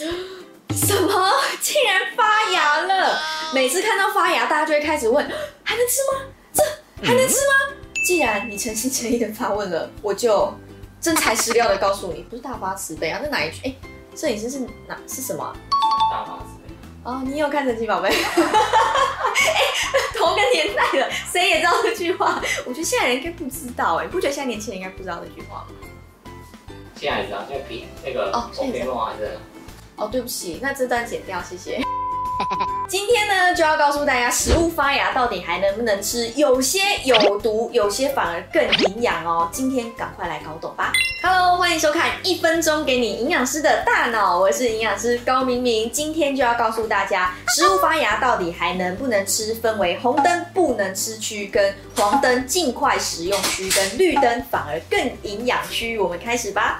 什麼竟然發芽了？每次看到發芽，大家就會開始問：還能吃嗎？這還能吃嗎？嗯、既然你誠心誠意的發問了，我就真材實料的告訴你，不是大發慈悲啊！那哪一句？哎、欸，攝影師是哪是什麼、啊？大發慈悲。哦，你有看《神奇寶貝》？哎，同個年代的，誰也知道這句話？我覺得現在人應該不知道、欸，你不覺得現在年輕人應該不知道這句話嗎？現在、啊、知道，像比那個《紅樓夢》還是？哦，對不起，那這段剪掉，謝謝。 今天呢，就要告訴大家，食物發芽到底還能不能吃？有些有毒，有些反而更營養哦。今天趕快來搞懂吧。 Hello，歡迎收看一分鐘給你營養師的大腦，我是營養師高明明。今天就要告訴大家，食物發芽到底還能不能吃？分為紅燈不能吃區、跟黃燈儘快食用區、跟綠燈反而更營養區。我們開始吧。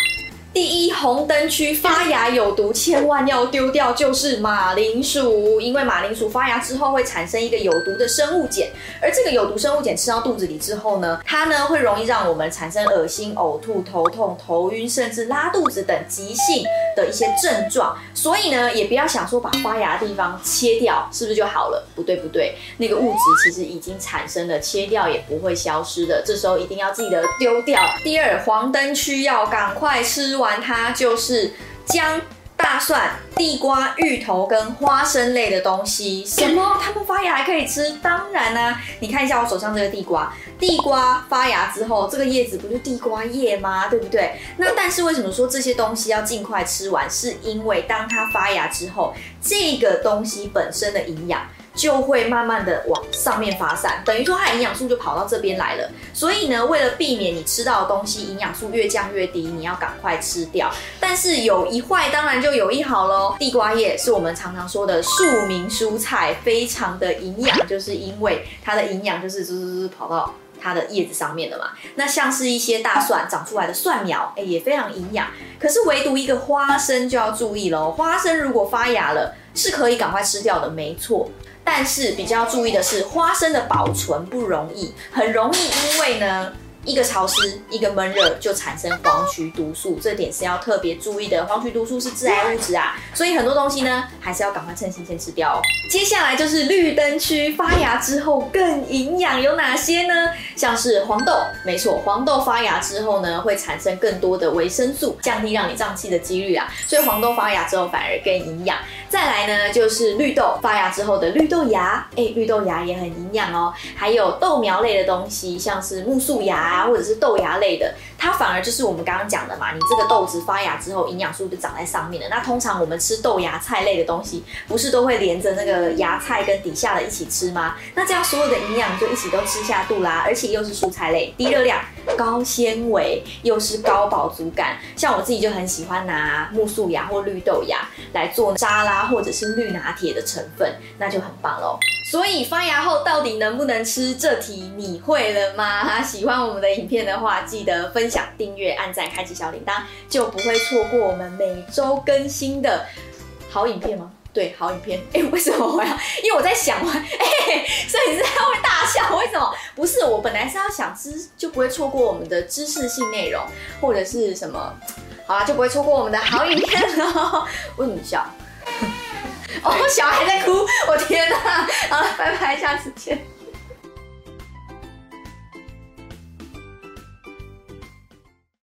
第一，紅燈區發芽有毒，千萬要丟掉，就是馬鈴薯，因為馬鈴薯發芽之後會產生一個有毒的生物鹼，而這個有毒生物鹼吃到肚子裡之後呢，它呢會容易讓我們產生噁心、嘔吐、頭痛、頭暈，甚至拉肚子等急性的一些症狀，所以呢，也不要想說把發芽的地方切掉是不是就好了？不對不對，那個物質其實已經產生了，切掉也不會消失的，這時候一定要記得丟掉。第二，黃燈區要趕快吃完。它就是薑、大蒜、地瓜、芋頭跟花生類的東西。什麼？它不發芽還可以吃？當然啦、啊，你看一下我手上這個地瓜，地瓜發芽之後，這個葉子不就地瓜葉嗎？對不對？那但是為什麼說這些東西要盡快吃完？是因為當它發芽之後，這個東西本身的營養。就會慢慢的往上面發散，等於說它的營養素就跑到這邊來了。所以呢，為了避免你吃到的東西營養素越降越低，你要趕快吃掉。但是有一壞當然就有一好嘍，地瓜葉是我們常常說的庶民蔬菜，非常的營養，就是因為它的營養就是滋滋滋跑到它的葉子上面了嘛。那像是一些大蒜長出來的蒜苗，哎、欸，也非常營養。可是唯獨一個花生就要注意嘍，花生如果發芽了，是可以趕快吃掉的，沒錯。但是比較注意的是，花生的保存不容易，很容易因為呢。一個潮濕，一個悶熱，就產生黃曲毒素，這點是要特別注意的。黃曲毒素是致癌物質啊，所以很多東西呢，還是要趕快趁新鮮吃掉哦。接下來就是綠燈區，發芽之後更營養有哪些呢？像是黃豆，沒錯，黃豆發芽之後呢，會產生更多的維生素，降低讓你脹氣的幾率啊，所以黃豆發芽之後反而更營養。再來呢，就是綠豆發芽之後的綠豆芽，哎，綠豆芽也很營養哦。還有豆苗類的東西，像是苜蓿芽。啊，或者是豆芽類的，它反而就是我們剛剛講的嘛，你這個豆子發芽之後，營養素就長在上面了。那通常我們吃豆芽菜類的東西，不是都會連着那個芽菜跟底下的一起吃嗎？那這樣所有的營養就一起都吃下肚啦，而且又是蔬菜類，低熱量、高纖維，又是高飽足感。像我自己就很喜歡拿苜蓿芽或綠豆芽來做沙拉，或者是綠拿鐵的成分，那就很棒嘍。所以發芽後到底能不能吃？這題你會了嗎？喜歡我們的影片的話，記得分享、訂閱、按讚、開啟小鈴鐺，就不會錯過我們每周更新的好影片嗎？對，好影片。哎，為什麼我要？因為我在想，哎，攝影師他會大笑？為什麼？不是，我本來是要想知就不會錯過我們的知識性內容，或者是什麼？好啦，就不會錯過我們的好影片嘍。問一下。對哦，小孩在哭，對我天哪！好了， 拜拜，下次見。